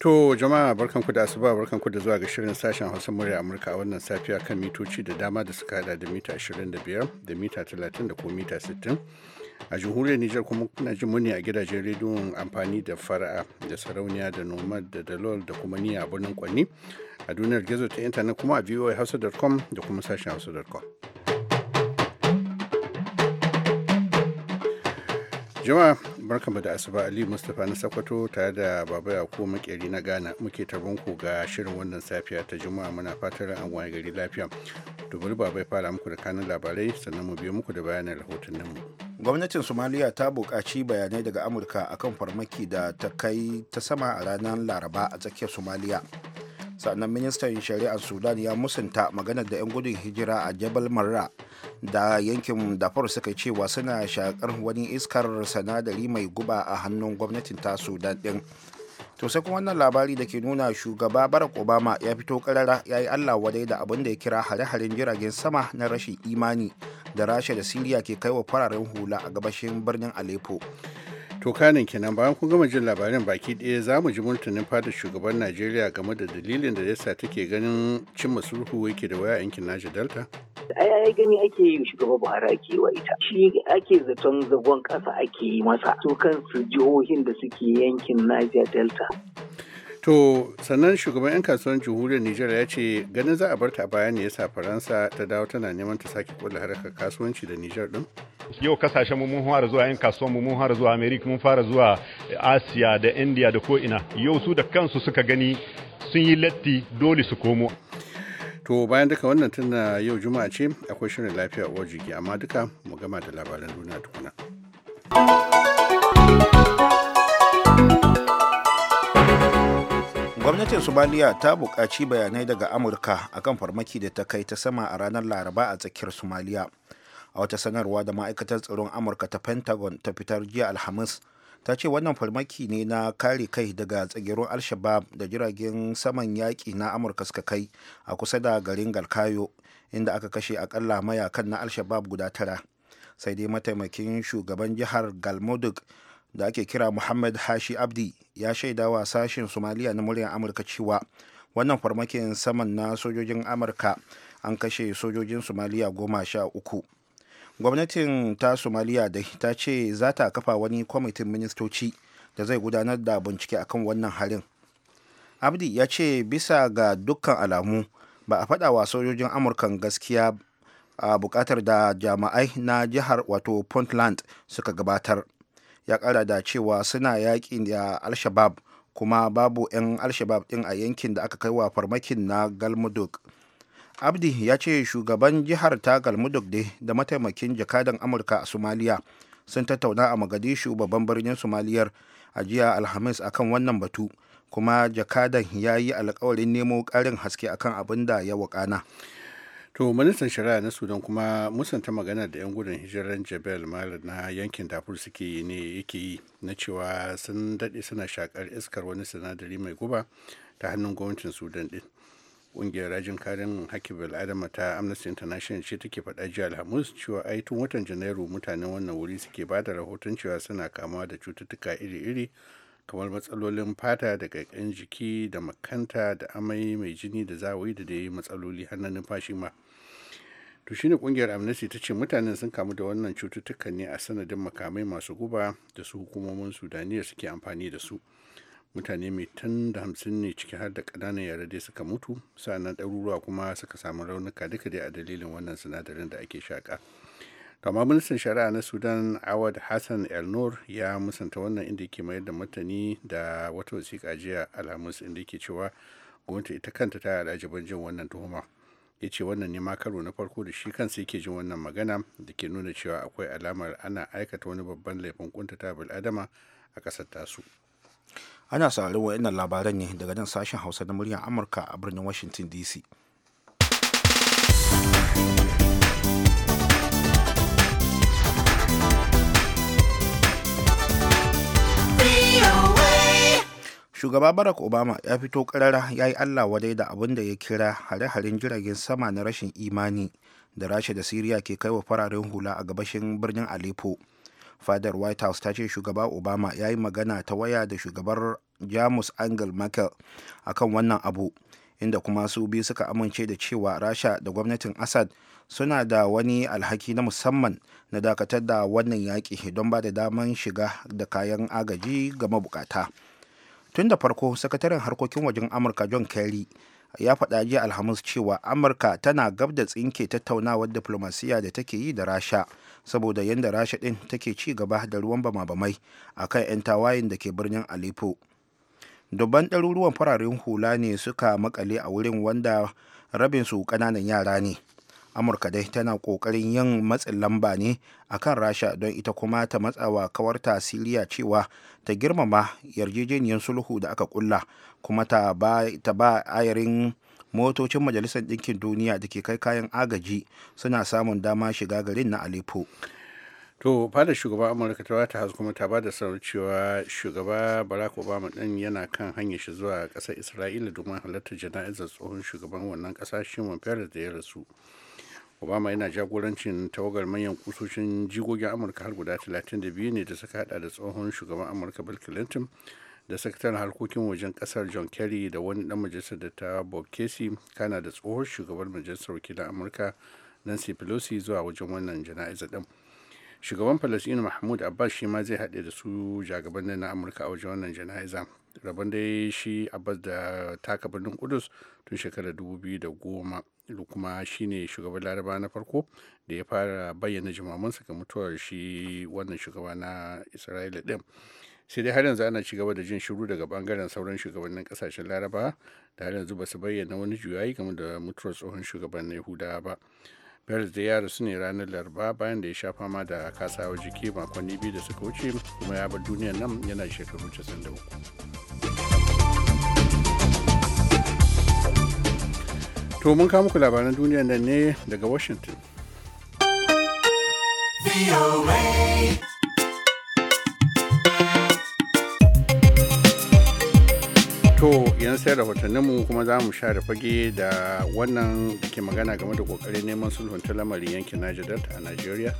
To jama'a barkanku da asuba barkanku da zuwa ga shirin sashen Hausa murya Amurka a wannan safiya kan mitoci da dama da suka hada da mita 25 da mita 30 da ko mita 60. A jamhuriyar Nijar kuma kuna jin muni a gidajen rediyon amfani da fara'a da sarauniya da nomad da dalol da kuma niya a birnin kwanni a duniyar gizo ta intanet kuma a voahausa.com da kuma sashen hausa.com. jama'a barkanmu da asuba ali mustapha na sakwato tare da baba yakubu makeri na ghana muke tabon ku ga shirin wannan safiya ta juma'a muna fatar an waye gari lafiya dubul baba ya fara muku da kanun labarai sannan mu biyo muku da bayanan rahotannin mu gwamnatin somaliya ta buƙaci bayanai daga amurka akan farmaki da ta kai ta sama a ranar laraba a tsakiyar somaliya sannan ministan shari'ar sudan ya musanta maganar da 'yan gudun hijira a jabal marra da yankin dafar suka cewa suna shakar wani iskar sanadari mai guba a hannun gwamnatin ta sudan din to sai kuma wannan labari da ke nuna shugaba barack obama ya fito karara ya yi allah wadai da abin da ya kira hare-haren jiragen sama na rashin imani da rasha da siriya ke kai wa fararen hula a gabashin birnin aleppo To kanin kenan bayan kun gama jin labarin baki ɗaya za mu ji martanin fadar shugaban Najeriya game da dalilin da yasa take ganin cimma sulhu yake da waya yankin Niger Delta. Ai ai gani ake yi shugaba Buhari ake yi wa ita. Shi ake zaton zagon ƙasa ake yi masa. To kansu jihohin da suke yankin Niger Delta. To sannan shugaban 'yan kasuwar jamhuriyar Nijar ya ce ganin za a bar ta baya ne yasa Faransa ta dawo tana neman ta sake kula harkar kasuwanci da Nijar din. Yau kasashen mu mun fara zuwa 'yan kasuwar mu mun fara zuwa America mun fara zuwa Asiya da India da koina Yau su da kansu suka gani sun yi latti dole su komo. To bayan duka wannan tana yau Juma'a ce akwai shirin lafiya uwar jiki amma duka mu gama da labaran duniya tukuna. gwamnatin somaliya ta buƙaci bayanai daga amurka akan farmaki da ta kai ta sama a ranar laraba a tsakiyar somaliya a wata sanarwa da ma'aikatar tsaron amurka ta pentagon ta fitar jiya alhamis ta ce wannan farmaki ne na kare kai daga tsagirin alshabab da jiragen saman yaƙi na amurka suka kai a kusa da garin galkayo inda aka kashe akalla mayakan na alshabab guda tara sai dai mataimakin shugaban jihar galmudug da ake kira muhammad hashi abdi ya shaida wa sashen somaliya na muryar amurka cewa wannan farmakin saman na sojojin amurka an kashe sojojin somaliya goma sha uku gwamnatin ta somaliya da ta ce za ta kafa wani kwamitin ministoci da zai gudanar da bincike akan wannan harin abdi ya ce bisa ga dukkan alamu ba a faɗa wa sojojin amurkan gaskiya a bukatar da jama'ai na jihar wato puntland suka gabatar ya kara da cewa suna yaƙi da al-shabab kuma babu 'yan al-shabab ɗin a yankin da aka kai wa farmakin na galmudug abdi ya ce shugaban jihar ta galmudug dai da mataimakin jakadan amurka a somaliya sun tattauna a magadishu babban birnin somaliyar a jiya alhamis akan wannan batu kuma jakadan ya yi alkawarin nemo ƙarin haske akan abin da ya wakana. to ministan shari'a na sudan kuma musanta magana da 'yan gudun hijirar jebel mal na yankin dafur suke ne yake yi na cewa sun daɗe suna shakar iskar wani sinadari mai guba ta hannun gwamnatin sudan din ƙungiyar rajin karin haƙƙin bil'adama ta amnesty international ce take faɗa jiya alhamis cewa ai tun watan janairu mutanen wannan wuri suke ba da rahoton cewa suna kamuwa da cututtuka iri-iri kamar matsalolin fata da ƙaiƙayin jiki da makanta da amai mai jini da zawayi da dai matsaloli har na numfashi ma to shine kungiyar amnesty ta ce mutanen sun kamu da wannan cututtukan ne a sanadin makamai masu guba da su hukumomin sudaniya suke amfani da su mutane mai tan da hamsin ne ciki har da kananan yara dai suka mutu sa'annan ɗaruruwa kuma suka samu raunuka duka dai a dalilin wannan sinadarin da ake shaƙa kama ministan shari'a na sudan awad hassan el nur ya musanta wannan inda yake mayar da martani da wata wasiƙa jiya alhamis inda yake cewa gwamnati ita kanta ta yi alhaji jin wannan tuhuma ya ce wannan ne karo na farko da shi kansa yake jin wannan magana da ke nuna cewa akwai alamar ana aikata wani babban laifin kuntata bil'adama a ƙasar tasu ana sauraron waɗannan labaran ne daga nan sashen hausa na muryar amurka a birnin washington dc shugaba barack obama ya fito karara ya yi allah wadai da abin da ya kira hare-haren jiragen sama na rashin imani da rasha da siriya ke kai wa fararen hula a gabashin birnin aleppo fadar white house ta ce shugaba obama ya yi magana ta waya da shugabar jamus angel merkel akan wannan abu inda kuma su biyu suka amince da cewa rasha da gwamnatin assad suna da wani alhaki na musamman na dakatar da wannan yaƙi don ba da daman shiga da kayan agaji ga mabukata. tun da farko sakataren harkokin wajen amurka john kerry ya faɗa jiya alhamis cewa amurka tana gab da tsinke tattaunawar diplomasiya da take yi da rasha saboda yadda rasha ɗin take ci gaba da ruwan bama-bamai a kan 'yan tawayen da ke birnin aleppo dubban ɗaruruwan fararen hula ne suka makale a wurin wanda rabin su ƙananan yara ne amurka dai tana kokarin yin matsin lamba ne a kan rasha don ita kuma ta matsa wa kawar tasiriya cewa ta girmama yarjejeniyar sulhu da aka kulla kuma ta ba, ta ba ayarin motocin majalisar ɗinkin duniya da ke kai kayan agaji suna samun dama shiga garin na aleppo to fadar shugaban amurka ta wata hasu kuma ta ba da sanar cewa shugaba barack obama din yana kan hanyar shi zuwa ƙasar isra'ila domin halartar jana'izar tsohon shugaban wannan kasashen shimon peres da ya rasu obama yana jagorancin tawagar manyan kusoshin jigogin amurka har guda 32 ne da suka hada da tsohon shugaban amurka bill clinton da sakataren harkokin wajen kasar john kerry da wani dan majalisar da ta bob casey kana da tsohon shugaban majalisar wakilan amurka nancy pelosi zuwa wajen wannan jana'iza din shugaban palestine mahmud abbas shi ma zai haɗe da su jagabannin na amurka a wajen wannan jana'iza rabon dai shi abbas da taka birnin kudus tun shekarar 2010 kuma ne shugaban laraba na farko da ya fara bayyana jimamansa ga mutuwar shi wannan shugaba na isra'ila din sai dai har yanzu ana ci gaba da jin shiru daga bangaren sauran shugabannin kasashen laraba da har yanzu ba su bayyana wani juyayi game da mutuwar tsohon shugaban na yahudawa ba Paris da yara su ne ranar Laraba bayan da ya sha fama da kasawa jiki makonni biyu da suka wuce kuma ya bar duniyar nan yana shekaru 93. to mun kawo muku labaran duniya nan ne daga washington To yanzu sai rahotanninmu kuma za mu share fage da wannan da ke magana game da kokarin neman sulhun ta lamarin yankin Niger a Najeriya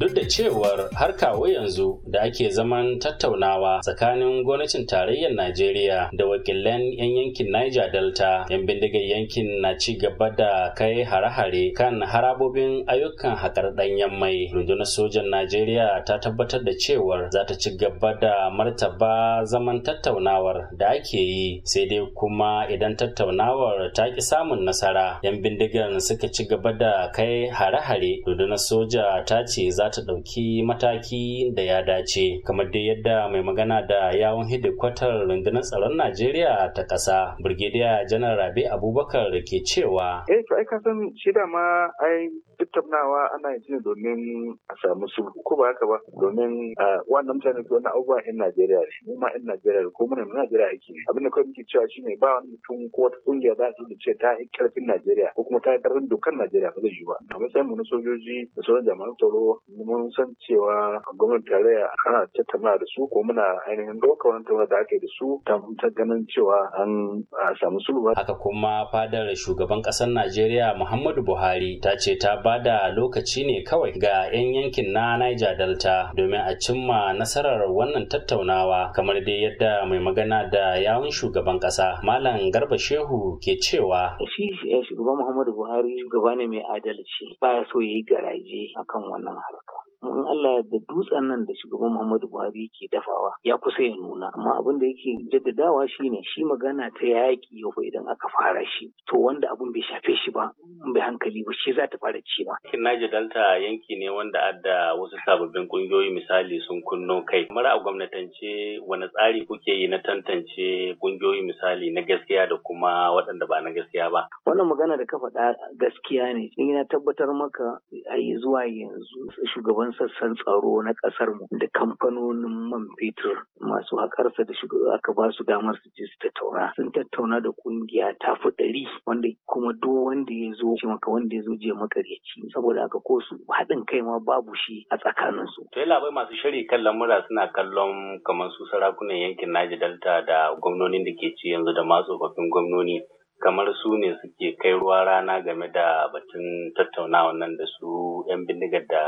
duk da cewar har kawo yanzu da ake zaman tattaunawa tsakanin gwamnatin tarayyar najeriya da wakilan 'yan yankin niger delta 'yan bindigar yankin na ci gaba da kai hare-hare kan harabobin ayyukan hakar ɗanyen mai rundunar sojan najeriya ta tabbatar da cewar za ta ci gaba da martaba zaman tattaunawar da ake yi sai dai kuma idan tattaunawar ta ki samun nasara 'yan bindigar suka ci gaba da kai hare-hare rundunar soja ta ce za za ta ɗauki mataki da ya dace kamar dai yadda mai magana da yawon hidikwatar rundunar tsaron najeriya ta ƙasa Birgediya janar rabi abubakar ke cewa eh to ai ka shi ma ai tattaunawa ana yin shi domin a samu sulhu ko ba haka ba domin wannan mutane ko wannan abubuwa yan Najeriya ne mu ma yan Najeriya ko ne Najeriya ake abin da kai muke cewa shine ba wani mutum ko wata kungiya za su ce ta yi karfin Najeriya ko kuma ta yi karfin dokar Najeriya ba zai yi ba a matsayin mu na sojoji da sauran jami'an tsaro mun san cewa gwamnatin tarayya ana tattaunawa da su ko muna ainihin dokar wannan tattauna da aka da su ta ganin cewa an samu sulhu haka kuma fadar shugaban ƙasar Najeriya Muhammadu Buhari ta ce ta ba bada lokaci ne kawai ga 'yan yankin na Niger Delta domin a cimma nasarar wannan tattaunawa kamar dai yadda mai magana da yawun shugaban kasa, Malam Garba Shehu ke cewa. Shi eh, shugaban Muhammadu Buhari shugaba ne mai adalci baya so ya yi garaje akan wannan harka. in Allah ya dutsen nan da shugaban Muhammadu Buhari yake dafawa ya kusa ya nuna amma abin da yake jaddadawa shine shi magana ta yaƙi yau idan aka fara shi to wanda abin bai shafe shi ba bai hankali ba shi za ta fara ci ma. Naji Delta yanki ne wanda adda wasu sababbin kungiyoyi misali sun kunno kai. Mara a gwamnatance wani tsari kuke yi na tantance kungiyoyi misali na gaskiya da kuma waɗanda ba na gaskiya ba. Wannan magana da ka faɗa gaskiya ne. Ina tabbatar maka a zuwa yanzu shugaban sauran sassan tsaro na kasar mu da kamfanonin man fetur masu haƙarsa da shiga aka ba su damar su je su tattauna sun tattauna da kungiya ta fi ɗari wanda kuma duk wanda ya zo shi maka wanda ya zo je makaryaci saboda haka ko su haɗin kai ma babu shi a tsakanin su. To labai masu shiri kan lamura suna kallon kamar su sarakunan yankin Naji Delta da gwamnonin da ke ci yanzu da masu tsofaffin gwamnoni kamar su ne suke kai ruwa rana game da batun tattaunawa nan da su 'yan bindigar da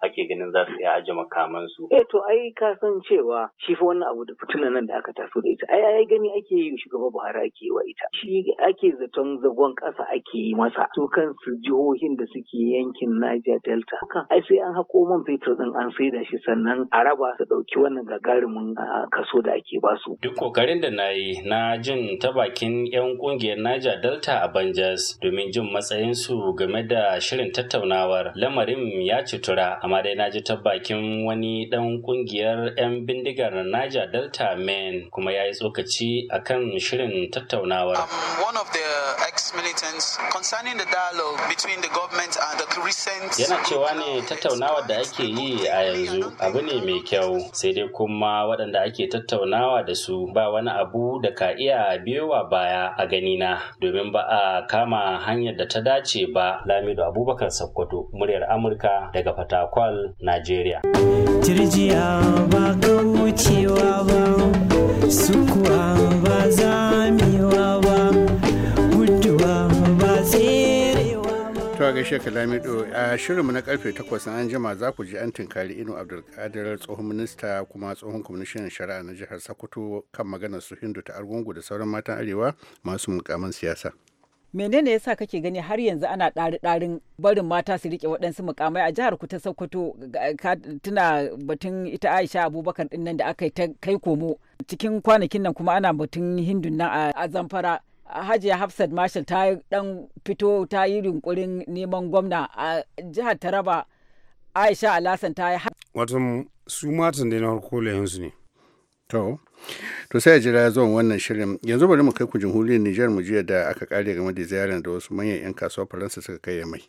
ake ganin za su iya aje su. Eh to ai ka san cewa shi fa wannan abu da fitinan nan da aka taso da ita ai ai gani ake yi shugaba Buhari ake yi wa ita. Shi ake zaton zagon ƙasa ake yi masa. Su kansu jihohin da suke yankin Niger Delta. Kan ai sai an hako man fetur din an saida shi sannan a raba su ɗauki wannan gagarumin kaso da ake ba su. Duk kokarin da na yi na jin ta bakin 'yan ƙungiyar Niger Delta a Banjas domin jin matsayin su game da shirin tattaunawar lamarin ya citura amma dai na ji ta bakin wani ɗan ƙungiyar 'yan bindigar Niger Delta Men kuma ya yi tsokaci a kan shirin tattaunawar. Um, Yana cewa ne tattaunawar da ake yi a yanzu abu ne mai kyau sai dai kuma waɗanda ake tattaunawa da su ba wani abu da ka iya biyowa baya a ganina domin ba a kama hanyar da ta dace ba Lamido Abubakar Sokoto muryar Amurka daga Fatakwa. kwal Najeriya. Jirjiya ba kaucewa ba, sukuwa guduwa a shirinmu na karfe 8 an jima za ku ji an tinkari Inu Abdulkadir tsohon minista kuma tsohon kwamishinan shari'a na jihar Sokoto kan maganar su Hindu ta Argungu da sauran matan Arewa masu mukamin siyasa. menene yasa kake gani har yanzu ana ɗari ɗarin barin mata su rike waɗansu mukamai a jihar kuta ta sokoto tuna batun ita aisha abubakar ɗin nan da aka yi ta kai komo cikin kwanakin nan kuma ana batun hindun nan a zamfara hajiya hafsat marshal ta dan fito ta yi rinkurin neman gwamna a jihar taraba aisha alasan ta yi watan su matan da na harko yanzu ne To, to sai a jira zuwan wannan shirin yanzu bari mu kai ku jamhuriyar Nijar mu jiya da aka kare game da ziyarar da wasu manyan 'yan kasuwa Faransa suka kai mai.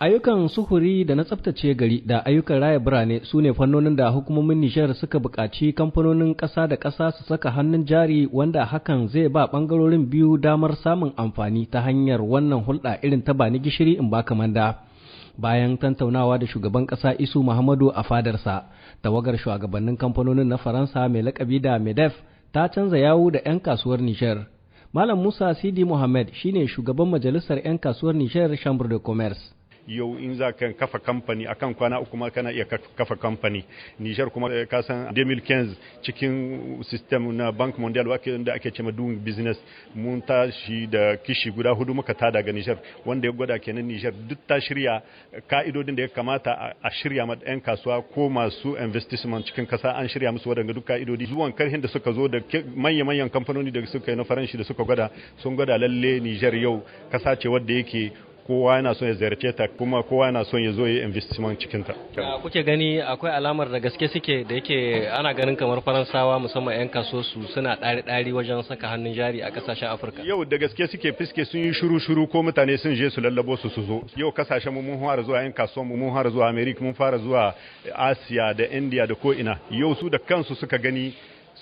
Ayyukan suhuri da na tsaftace gari da ayyukan raya birane su ne fannonin da hukumomin Nijar suka buƙaci kamfanonin ƙasa da ƙasa su saka hannun jari wanda hakan zai ba bangarorin biyu damar samun amfani ta hanyar wannan hulɗa irin ta bani gishiri in ba kamanda. bayan tantaunawa da shugaban ƙasa isu muhammadu a fadarsa tawagar shugabannin kamfanonin na faransa mai lakabi da medef ta canza yawo da 'yan kasuwar nishar malam musa sidi mohammed shine shugaban majalisar 'yan kasuwar nishar chambre de commerce yau in za ka kafa kamfani kan kwana uku ma kana iya kafa kamfani Nijar kuma eh, ka san 2015 cikin system na Bank Mondial da ake cewa doing business mun tashi da kishi guda hudu muka tada ga Nijar wanda ya gwada kenan Nijar duk ta shirya ka'idodin da ya kamata a shirya ma 'yan kasuwa ko masu investment cikin kasa an shirya musu wadanda duk ka'idodi zuwan karhin da suka zo da manya-manyan kamfanoni da suka yi na faranshi da suka gwada sun gwada lalle Nijar yau kasa ce wadda yake kowa yana son ya ziyarce ta kuma kowa yana son ya zo ya investment cikin ta kuke gani akwai alamar da gaske suke da yake ana ganin kamar faransawa musamman yan kaso su suna ɗari ɗari wajen saka hannun jari a kasashen afirka yau da gaske suke fiske sun yi shuru shuru ko mutane sun je su lallabo su su zo yau kasashen mu mun fara zuwa yan kaso mu mun fara zuwa america mun fara zuwa asiya da india da ko ina yau su da kansu suka gani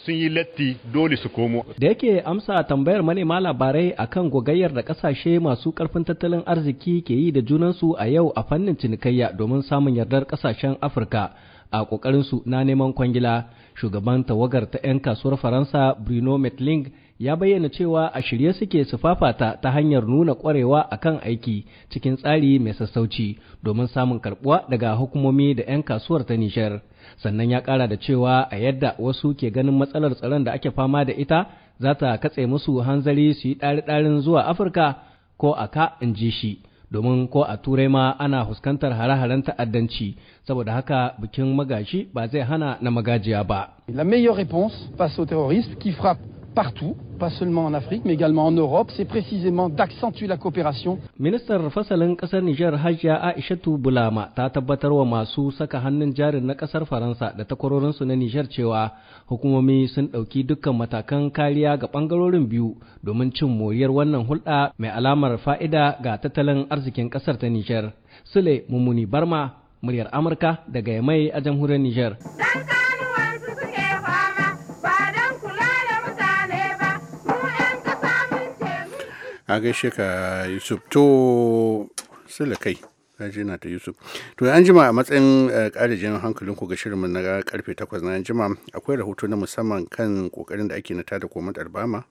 sun yi latti dole su komo. Da yake amsa tambayar manema labarai akan gogayyar da kasashe masu karfin tattalin arziki ke yi da junansu a yau a fannin cinikayya domin samun yardar kasashen Afirka a kokarinsu na neman kwangila. Shugaban tawagar ta 'yan kasuwar Faransa Bruno Metling ya bayyana cewa a shirye suke su fafata ta hanyar nuna kwarewa a kan aiki cikin tsari mai sassauci domin samun karbuwa daga hukumomi da 'yan kasuwar ta Nijar. sannan ya ƙara da cewa a yadda wasu ke ganin matsalar tsaron da ake fama da ita za ta katse musu hanzari su yi ɗari-ɗarin zuwa afirka ko a ka in ji shi domin ko a turai ma ana fuskantar hare-haren ta'addanci saboda haka bikin magashi ba zai hana na magajiya ba. La meilleure réponse face au terrorisme qui frappe partout, pas seulement en Afrique, mais également en Europe, c'est précisément d'accentuer la coopération. Ministar fasalin kasar Nijar Hajiya Aishatu Bulama ta tabbatar wa masu saka hannun jarin na kasar Faransa da takwarorinsu na niger cewa hukumomi sun ɗauki dukkan matakan kariya ga ɓangarorin biyu domin cin moriyar wannan hulɗa mai alamar fa'ida ga tattalin arzikin kasar ta Nijar. Sule Mumuni Barma, muryar Amurka daga Yamai a jamhuriyar niger. a gaishe ka yusuf to sila kai na ta yusuf to an jima a matsayin eh, ƙarajin hankalin ku ga shirinmu na karfe 8 na an jima akwai rahoto na musamman kan kokarin da ake na tada komat albama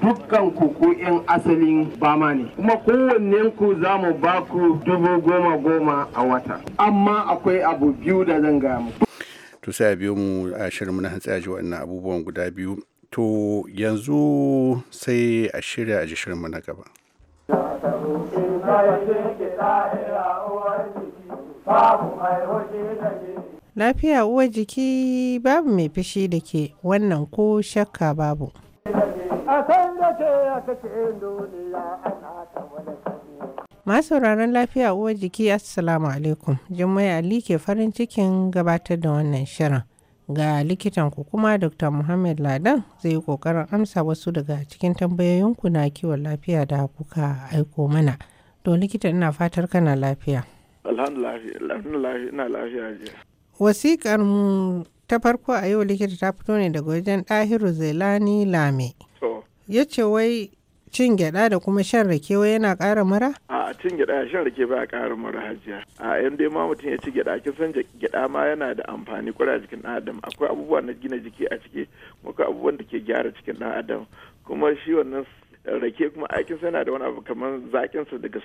dukkan ku ko yan asalin bama ne kuma kowanne ku za mu ba ku dubu goma goma a wata amma akwai abu biyu da zan gaya mu. to sai a biyo mu a shirinmu na hantsi a ji abubuwan guda biyu to yanzu sai a shirya a ji na gaba lafiya uwa jiki babu mai fishi da ke wannan ko shakka babu masu sauraron lafiya uwarjiki jiki assalamu alaikum jummai ali ke farin cikin gabatar da wannan shirin ga likitan ku kuma dr muhammad ladan zai yi kokarin amsa wasu daga cikin tambayoyinku na kiwon lafiya da kuka aiko mana to likita ina fatar kana lafiya alhamdulillah ina lafiya wasiƙar mu ta farko a yau likita ta fito ne daga wajen ɗahiru zailani lame ya ce wai cin gyada da kuma shan rake wai yana ƙara mura? A cin gyada shan rake ba a ƙara mura hajiya. A yan dai ma mutum ya ci gyada kin san gyada ma yana da amfani kura jikin ɗan adam. Akwai abubuwa na gina jiki a ciki, akwai abubuwan da ke gyara cikin ɗan adam. Kuma shi wannan rake kuma aikin yana da wani abu kamar zakin sa daga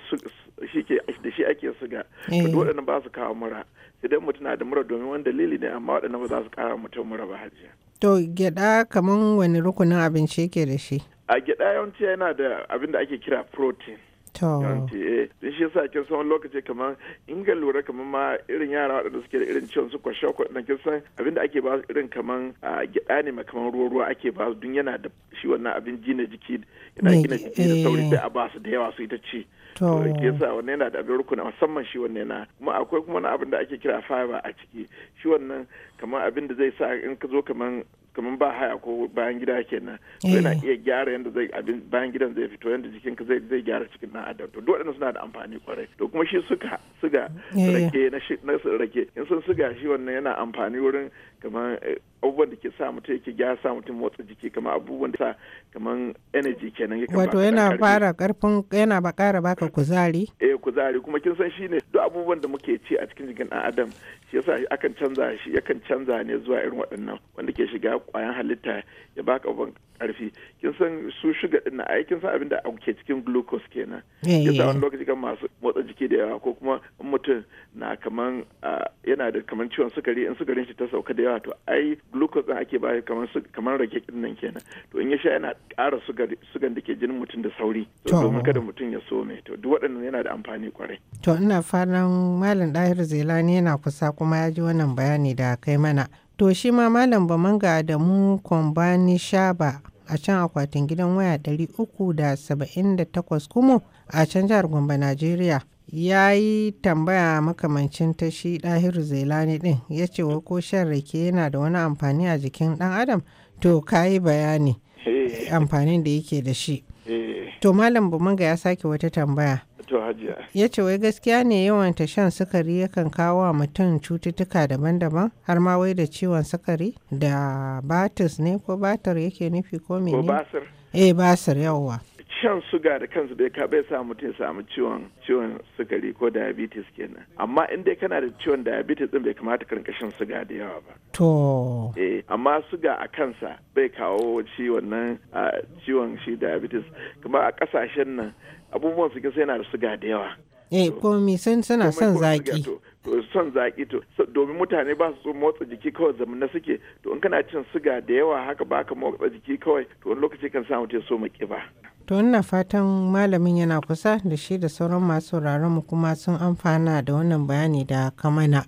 shi ke da shi ake suga to eh. waɗannan ba su kawo mura idan mutum na da mura domin wani dalili ne amma waɗannan ba za su kawo mutum mura ba hajiya To gyada kamar wani rukunin abinci yake da shi? A gyada yawanci yana da abin da ake kira protein. yawanci eh shi yasa kin san lokaci kamar in ga lura kamar ma irin yara waɗanda suke da irin ciwon su kwashe ko na kin san abin da ake ba su irin kamar gyada ne ma kamar ruwa ruwa ake ba su dun yana da shi wannan abin gina jiki yana gina jiki da sauri eh. sai a ba su da yawa su ita ci to yasa wannan yana da abin rukuna musamman shi wannan na kuma akwai kuma wani abin da ake kira fiber a ciki shi wannan kamar abin da zai sa in ka zo kamar kamar ba haya ko bayan gida kenan to yana eh. iya gyara yadda zai abin bayan gidan zai fito yadda jikin ka zai zai gyara cikin dan adam to duk suna da amfani kwarai to kuma shi suka suga eh. rake na rake in sun suga shi wannan yana amfani wurin kamar eh, abubuwan da ke sa mutum yake ya sa mutum motsa jiki kamar abubuwan da sa kamar energy kenan wato yana fara karfin yana ba kara baka kuzari eh kuzari kuma kin san shine duk abubuwan da muke ci a cikin jikin dan adam shi yasa akan canza shi yakan canza ne zuwa irin waɗannan wanda ke shiga kwayan halitta ya baka ban karfi kin san su shuga din na aikin sa abinda ake ke cikin glucose kenan eh, yasa eh, wani eh. lokaci kan masu motsa jiki da yawa ko kuma mutum na kaman ah, yana da kaman ciwon sukari in sukarin shi ta sauka da yawa to ai glucose din ake bayar kamar kamar rake nan kenan to in ya sha yana ƙara sugan da ke jinin mutum da sauri to domin kada mutum ya so mai to duk waɗannan yana da amfani kwarai to ina fatan malam ɗahir zelani yana kusa kuma ya ji wannan bayani da kai mana to shi ma malam bamanga da mu kwambani shaba a can akwatin gidan waya 378 kuma a can jihar Gombe Najeriya ya yi tambaya makamancin ta shi ɗahiru zailani ɗin ya ce wa ko shan rake yana da wani amfani a jikin ɗan adam to ka yi bayani eh. amfanin da yake da shi eh. to malam bumanga ya sake wata tambaya ya ce wai gaskiya ne yawan ta shan sukari yakan kawo wa mutum cututtuka daban-daban har ma wai da ciwon sukari da batis ne ko batar yake nufi ko mene? ko basir eh basir yawwa shan suga da kansu bai ka bai sa mutum samu ciwon ciwon sukari ko diabetes kenan amma in dai kana da ciwon diabetes din bai kamata ka rinka shan suga da yawa ba to eh amma suga a kansa bai kawo shi wannan ciwon shi diabetes kuma a kasashen nan abubuwan su sai yana da suga da yawa eh mi san suna son zaki to son zaki to domin mutane ba su so motsa jiki kawai zamana suke to in kana cin suga da yawa haka ba ka motsa jiki kawai to wani lokaci kan samu mutum so mu ba. To ina fatan malamin yana kusa da shi da sauran masu mu kuma sun amfana da wannan bayani da kamana.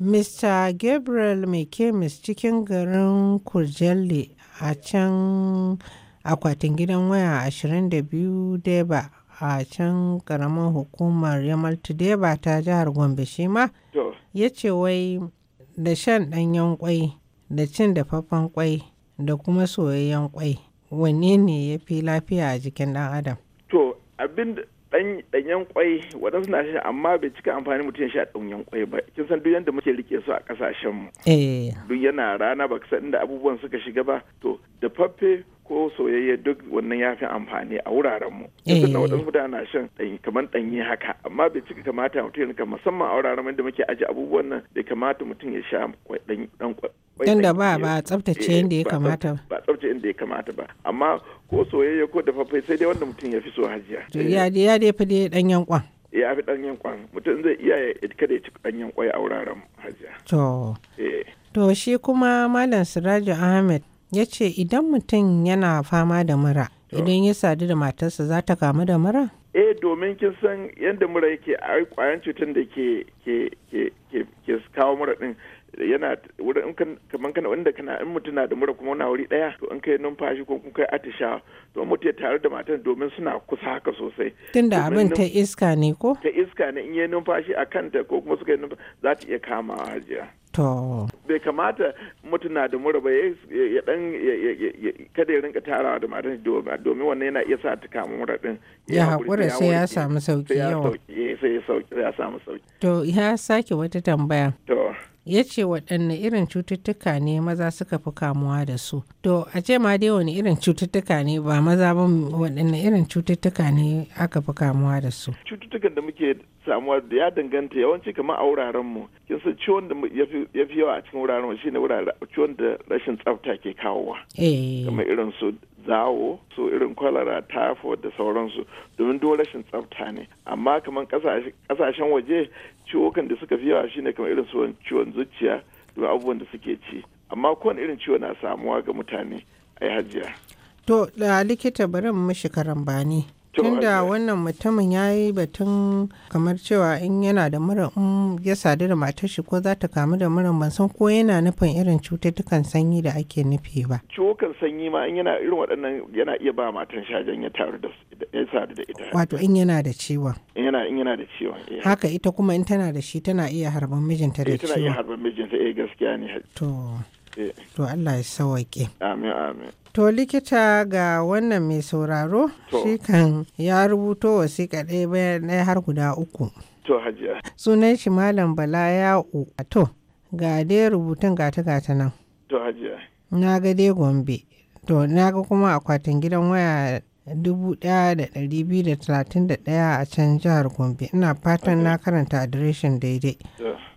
Mr. Gabriel Mekemis cikin garin Kurjalli a can akwatin gidan waya 22 Deba a can karamin hukumar Yamaltu Deba ta jihar Gombe shi ma ya ce wai da shan ɗanyen kwai da cin dafaffen kwai da kuma soyayyen kwai. wanne ne ya fi lafiya a jikin ɗan adam to abin danyen kwai waɗansu na shi amma bai cika amfani mutum shi a danyen kwai ba kin san duk yadda muke rike su a kasashen mu eh. duk yana rana baka san inda abubuwan suka shiga ba to da faffe ko soyayya duk wannan ya fi amfani a wuraren mu kin san eh. mutane na shan ɗanyi kamar ɗanyi haka amma bai cika kamata mutum ya musamman a wuraren inda muke aji abubuwan nan bai kamata mutum ya sha ɗan dan da ba ba tsaftace eh, yadda ya kamata ba ta inda ya kamata ba amma ko soyayya ko dafaffai sai dai wanda mutum ya fi so hajiya ya dai ya dai fi dai danyen ya fi dan mutum zai iya ya kada ya ci dan kwai a wuraren hajiya to eh. to shi kuma malam siraju ahmed ya ce idan mutum yana fama da mura idan ya sadu da matarsa za ta kamu da mura eh domin kin san yadda mura yake a kwayan cutar da ke ke kawo mura din yana wurin in kaman kana wanda kana in mutuna na da mura kuma wani wuri daya to in kai numfashi ko kai atisha to mutu ya tare da matan domin suna kusa haka sosai tunda abin ta iska ne ko ta iska ne in yi numfashi a kanta ko kuma suka yi numfashi za ta iya kama hajiya To. Bai kamata mutuna na da mura ba ya dan kada ya rinka tarawa da matan domin wannan yana iya sa ta kama mura din. Ya haƙura sai ya samu sauki yawa. Sai ya eh, samu sauki. To ya sake wata tambaya. To. ya ce waɗanne irin cututtuka ne maza suka fi kamuwa da su to a ce ma dai wani irin cututtuka ne ba maza ba waɗanne irin cututtuka ne aka fi kamuwa da su cututtukan da muke samuwa da ya danganta yawanci kamar a wuraren mu kin san ciwon da ya fi yawa a cikin wuraren mu shine wuraren ciwon da rashin tsafta ke kawowa eh. kamar irin su zawo su irin kwalara tafo da sauransu domin duk rashin tsafta ne amma kamar kasashen waje ciwokan da suka fi yawa shine kamar irin su ciwon zuciya domin abubuwan da suke ci amma kowane irin ciwo na samuwa ga mutane ai hajiya to da likita bari mu shi karambani tunda wannan mutumin ya yi batun kamar cewa in yana da mura in ya sadu da matar shi ko za ta kamu da mura ban san ko yana nufin irin cututtukan sanyi da ake nufi ba ciwukan sanyi ma in yana irin waɗannan yana iya ba matan shajen ya taru da ya sadu da ita wato in yana da ciwon in yana in yana da ciwon eh. haka ita kuma in tana da shi tana iya harban mijinta da ciwon eh, tana iya harban mijinta eh gaskiya ne to To Allah ya sawaƙe. Amin amin. To likita ga wannan mai sauraro shi kan ya rubuto wasiƙa ɗaya bayan ɗaya har guda uku. To hajiya. Sunan shi Malam Bala ya to ga dai rubutun gata gata nan. To hajiya. Na ga dai Gombe. To na ga kuma akwatin gidan waya dubu ɗaya da da da ɗari biyu ɗaya a can jihar Gombe. Ina fatan na karanta adireshin daidai.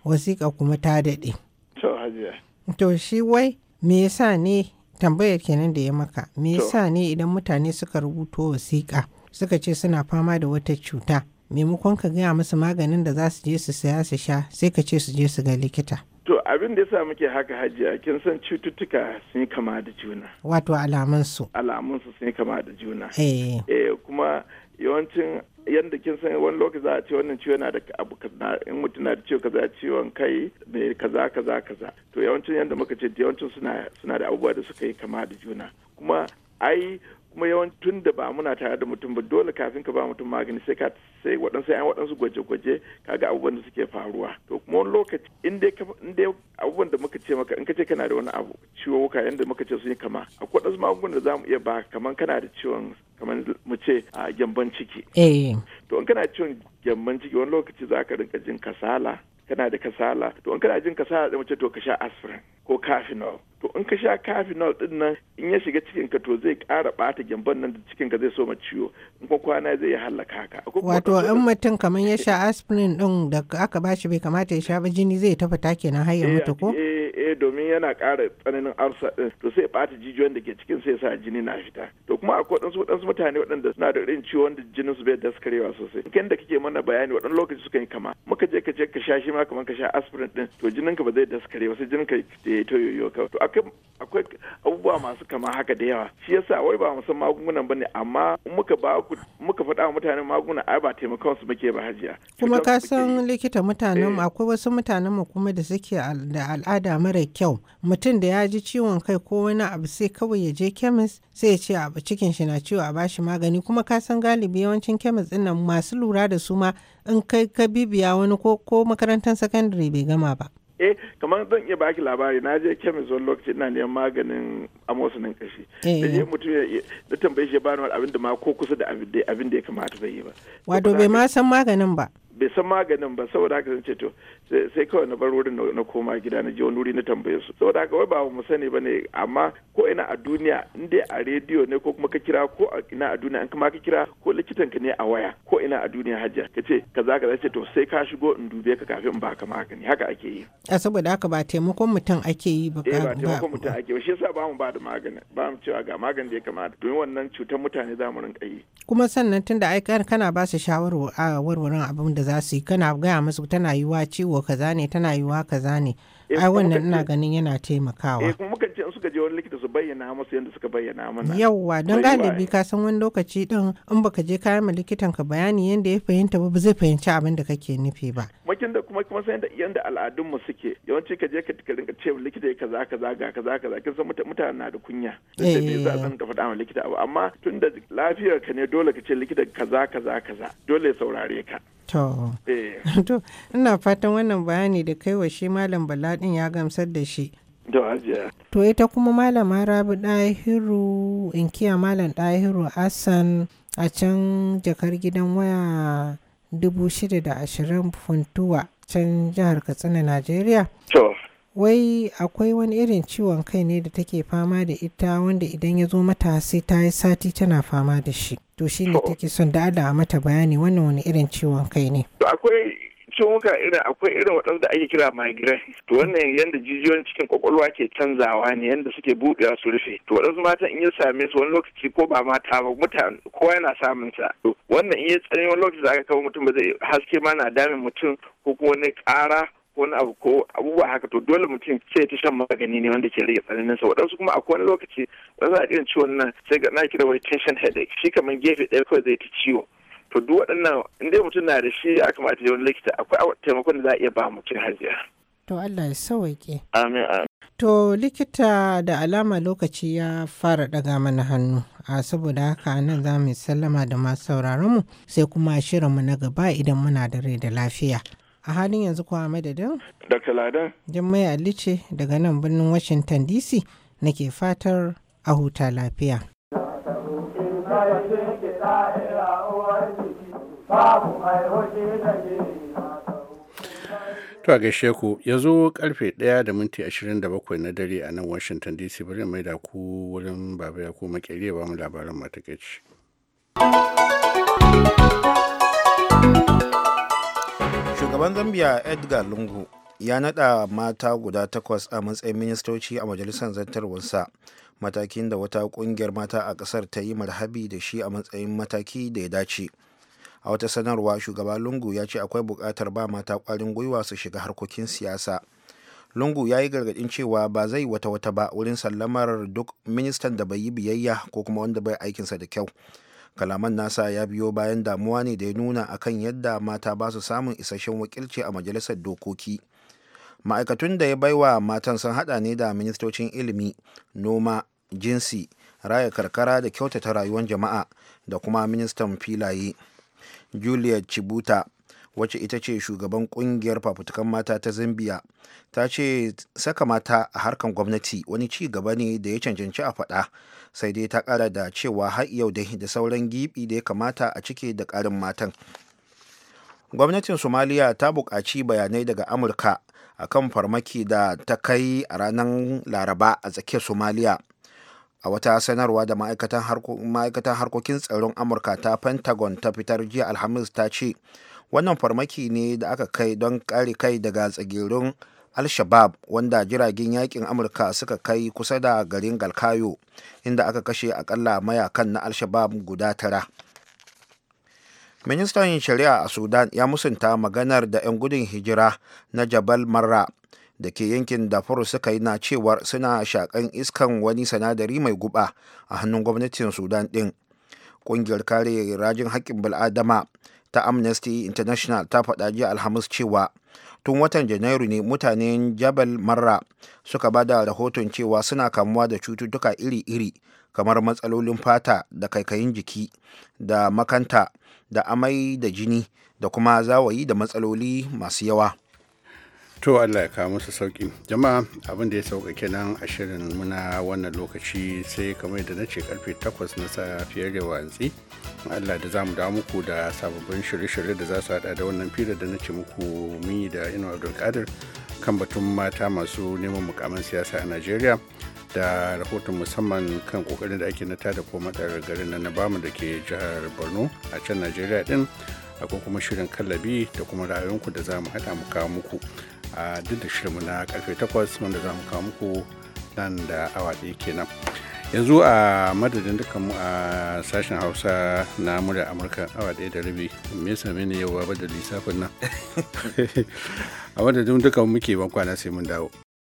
Wasiƙa kuma ta daɗe. To hajiya. To shi wai me yasa ne tambayar kenan da ya maka me yasa ne idan mutane suka rubuto wasiƙa suka ce suna fama da wata cuta maimakon ka gaya musu maganin da za su je su saya su sha sai ka ce su je su ga likita. To abin da yasa muke haka hajiya kin san cututtuka sun yi kama da juna. Wato alamansu. Alamansu sun kama da juna. Eh, eh kuma yawancin yadda kin san wani lokaci za a ce wannan ciwo yana da abu kaza in mutum na da ciwo kaza ciwon kai ne kaza kaza kaza to yawancin yadda muka ce yawancin suna suna da abubuwa da suka yi kama da juna kuma ai kuma yawan tun da ba muna tare da mutum ba dole kafin ka ba mutum magani sai ka sai waɗansu yan waɗansu gwaje-gwaje kaga abubuwan da suke faruwa to kuma wani lokaci in dai in dai abubuwan da muka ce maka in ka ce kana da wani abu ciwuwuka yanda muka ce sun yi kama akwai waɗansu magungunan da za mu iya ba kaman kana da ciwon kamar mu ce a gyamban ciki. Eh. To in kana ciwon gyamban ciki wani lokaci za ka rinka jin kasala kana da kasala to in kana jin kasala da mace to ka sha aspirin ko kafinol to in ka sha kafinol din nan in ya shiga cikin ka to zai ƙara ɓata gyamban nan da cikin ka zai soma ciwo in ko kwana zai ya hallaka ka wato in mutum kamar ya sha aspirin din da aka bashi bai kamata ya sha ba jini zai ta fita kenan har eh, mutu ko eh, domin yana ƙara tsananin arsa ɗin to sai ɓata jijiyoyin da ke cikin sai sa jini na fita to kuma akwai waɗansu waɗansu mutane waɗanda suna da irin ciwon da jinin su bai daskarewa sosai kan da kake mana bayani waɗannan lokaci suka yi kama muka je ka je ka sha shi ma kamar ka sha aspirin ɗin to jinin ka ba zai daskare ba sai jinin ka ya to yoyo ka to akwai abubuwa masu kama haka da yawa shi yasa wai ba mu san magungunan bane amma muka ba ku muka faɗa wa mutanen magunguna ai ba taimakon su muke ba hajiya kuma ka san likita mutanen eh. akwai wasu mutanen mu kuma da suke da al'ada mara kyau mutum da ya ji ciwon kai ko wani abu sai kawai ya je kemis sai ya ce abu cikin shi na ciwo a bashi magani kuma ka san galibi yawancin kemis dinnan nan masu lura da su ma in kai ka bibiya wani ko ko makarantar sakandare bai gama ba. eh kamar zan iya baki labari na je kemis wani lokaci ina neman maganin amosunin kashi da eh, je eh. mutum da tambaye shi ya bani abin da ma ko kusa da abin da ya kamata bai yi ba. wato bai ma san maganin ba. bai san maganin ba saboda haka zan ce to sai kawai na bar wurin na koma gida na je wani wuri na tambaye su saboda haka wai ba mu sani ba ne amma ko ina a duniya in dai a rediyo ne ko kuma ka kira ko ina a duniya in kuma ka kira ko likitan ka ne a waya ko ina a duniya hajja ka ce ka ka zan ce to sai ka shigo in dube ka kafin in baka magani haka ake yi a saboda haka ba taimakon mutum ake yi ba eh, ba taimakon mutum ake yi shi yasa ba mu ba da magani ba mu cewa ga magani da ya kamata domin wannan cutar mutane za mu rinka yi kuma sannan tunda ai kana ba su shawarwarin abin da za su su kana gaya musu tana yiwa ciwo kaza ne tana yiwa kaza ne eh, ai wannan ina eh. ganin yana taimakawa eh su bayyana musu yadda suka bayyana mana yawwa don galibi ka san wani lokaci din in baka je kayan ma likitan ka bayani yadda ya fahimta ba zai fahimci abin da kake nufi ba makin da kuma kuma san yadda al'adun mu suke yawanci ka je ka rinka ce likita kaza kaza ga kaza kaza kin san mutane na da kunya da me eh, za san ka eh, eh. faɗa ma likita ba amma tun da lafiyar ka ne dole ka ce likita kaza kaza kaza dole ya saurare ka To, ina fatan wannan bayani da kai wa shi Malam Bala ya gamsar da shi. To ita kuma malama Rabi ɗahiru inkiya malam ɗahiru Hassan a can jakar gidan waya dubu shida da ashirin funtuwa can jihar Katsina Najeriya. To. Wai akwai wani irin ciwon kai ne da take fama da ita wanda idan ya zo mata sai ta yi sati tana fama da shi. To shi ne take son da a mata bayani wannan wani irin ciwon kai ne. Akwai ciwuka irin akwai irin waɗanda ake kira migraine to wannan yanda jijiyoyin cikin kwakwalwa ke canzawa ne yanda suke buɗewa su rufe to waɗansu matan in ya same su wani lokaci ko ba mata ba mutane kowa yana samun sa wannan in ya tsare wani lokaci da aka kawo mutum ba zai haske ma na damin mutum ko kuma wani ƙara wani abu ko abubuwa haka to dole mutum sai ta shan magani ne wanda ke rage tsananin sa waɗansu kuma a wani lokaci wani za a irin ciwon nan sai ga na kira wani tension headache shi kamar gefe ɗaya kawai zai ta ciwo to duk waɗannan in dai mutum na da shi ya kamata ya wani likita akwai taimakon da za a iya ba mutum hajiya. To Allah ya sawaike. Amin amin. To likita da alama lokaci ya fara ɗaga mana hannu, a saboda haka nan za mu sallama da masu mu sai kuma shirin mu na gaba idan muna da rai da lafiya. A halin yanzu kuwa madadin? Dr. Ladan. Jummai Ali ce daga nan birnin Washington DC nake fatar a huta lafiya. babu mai To gaishe ku ya zo karfe 1 da minti ashirin da bakwai na dare a nan Washington DC bari mai da ku wurin baba ya kuma makere ba mu labarin matakaici. Shugaban Zambia Edgar Lungu ya nada mata guda takwas a matsayin ministoci a majalisar zartarwarsa matakin da wata kungiyar mata a kasar ta yi marhabi da shi a matsayin mataki da ya dace. a wata sanarwa shugaba lungu ya ce akwai bukatar ba mata kwarin gwiwa su shiga harkokin siyasa lungu ya yi gargaɗin cewa ba zai wata wata ba wurin sallamar duk ministan da bai yi biyayya ko kuma wanda bai aikinsa da kyau kalaman nasa ya biyo bayan damuwa ne da ya nuna akan yadda mata ba su samun isasshen wakilci a majalisar dokoki ma'aikatun da ya baiwa matan sun hada ne da ministocin ilimi noma jinsi raya karkara da kyautata rayuwar jama'a da kuma ministan filaye juliet chibuta wacce ita ce shugaban kungiyar fafutukan mata ta zambia ta ce saka mata a harkan gwamnati wani ci gaba ne da ya cancanci a faɗa sai dai ta ƙara da cewa har yau dai da sauran gibi da ya kamata a cike da ƙarin matan gwamnatin somaliya ta buƙaci bayanai daga amurka akan farmaki da ta kai a ranar laraba a tsakiyar somaliya a wata sanarwa da ma'aikatan harkokin tsaron amurka ta pentagon ta fitar jiya alhamis ta ce wannan farmaki ne da aka kai don kare kai daga tsagirin al-shabab wanda jiragen yakin amurka suka kai kusa da garin galkayo inda aka kashe akalla mayakan na al-shabab guda tara ministan shari'a a sudan ya musunta maganar da 'yan gudun hijira na jabal marra da ke yankin dafur suka yi na cewar suna shakan iskan wani sanadari mai guba a hannun gwamnatin sudan din kungiyar kare rajin haƙƙin bil'adama ta amnesty international ta faɗa jiya alhamis cewa tun watan janairu ne mutanen jabal marra suka ba da rahoton cewa suna kamuwa da cututtuka iri-iri kamar matsalolin fata da kaikayin jiki da makanta da amai da jini da kuma zawayi da matsaloli masu yawa. to allah ya kawo musu sauki jama'a abin da ya sauka kenan a shirin muna wannan lokaci sai kamar da na ce karfe 8 na safiyar da watsi allah da za mu dawo muku da sababbin shirye-shirye da za su hada da wannan fira da na ce muku mi da inuwa abdulkadir kan batun mata masu neman mukamin siyasa a najeriya da rahoton musamman kan kokarin da ake na tada ko matsar garin na bamu da ke jihar borno a can najeriya din akwai kuma shirin kallabi da kuma ra'ayoyinku da za mu haɗa mu kawo muku a duk da shirinmu na karfe 8 wanda za mu kawo muku nan da awa ɗaya kenan yanzu a madadin dukkan a sashen hausa na murya amurka awa ɗaya da rabi me same yau ba da lissafin nan a madadin dukkan muke ban kwana sai mun dawo